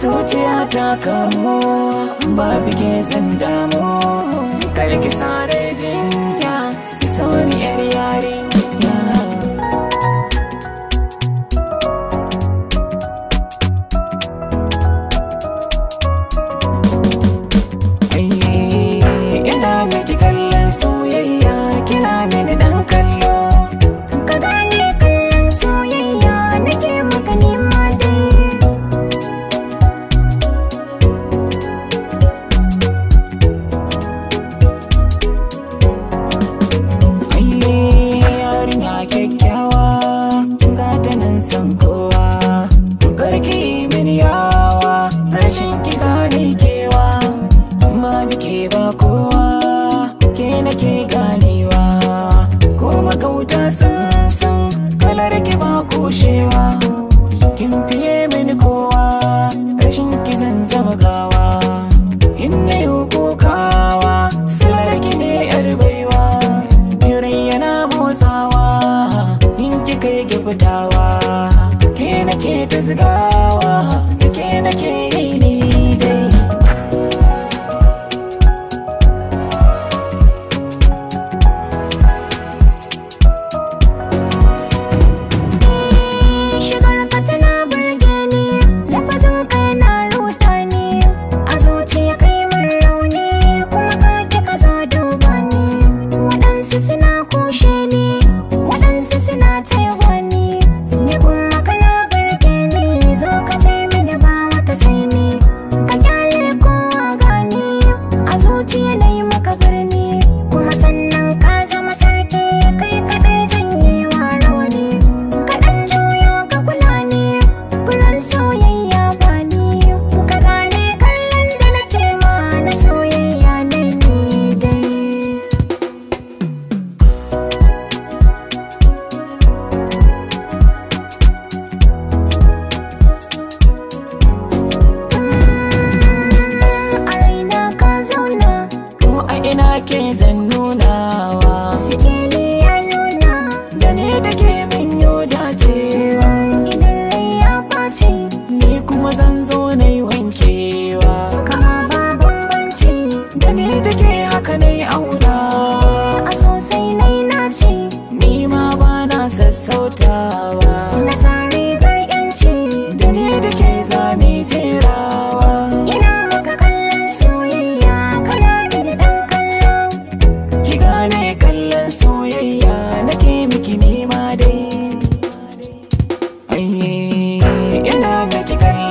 zuciya ta kamo ba bige zan damu kar ki sare jinya ki so yar yarinya Ai, ina miki kallon kika yi fitawa ke nake ta zigawa da ke nake yi and I tell ke zan nunawa sikeli ya nuna da ne da ke min yau dacewa idan rai ya ɓaci ni kuma zan zo na yi wankewa kama ba bambanci da ne da ke haka na yi auna a sosai na yi naci ni ma ba na sassautawa ina yeah,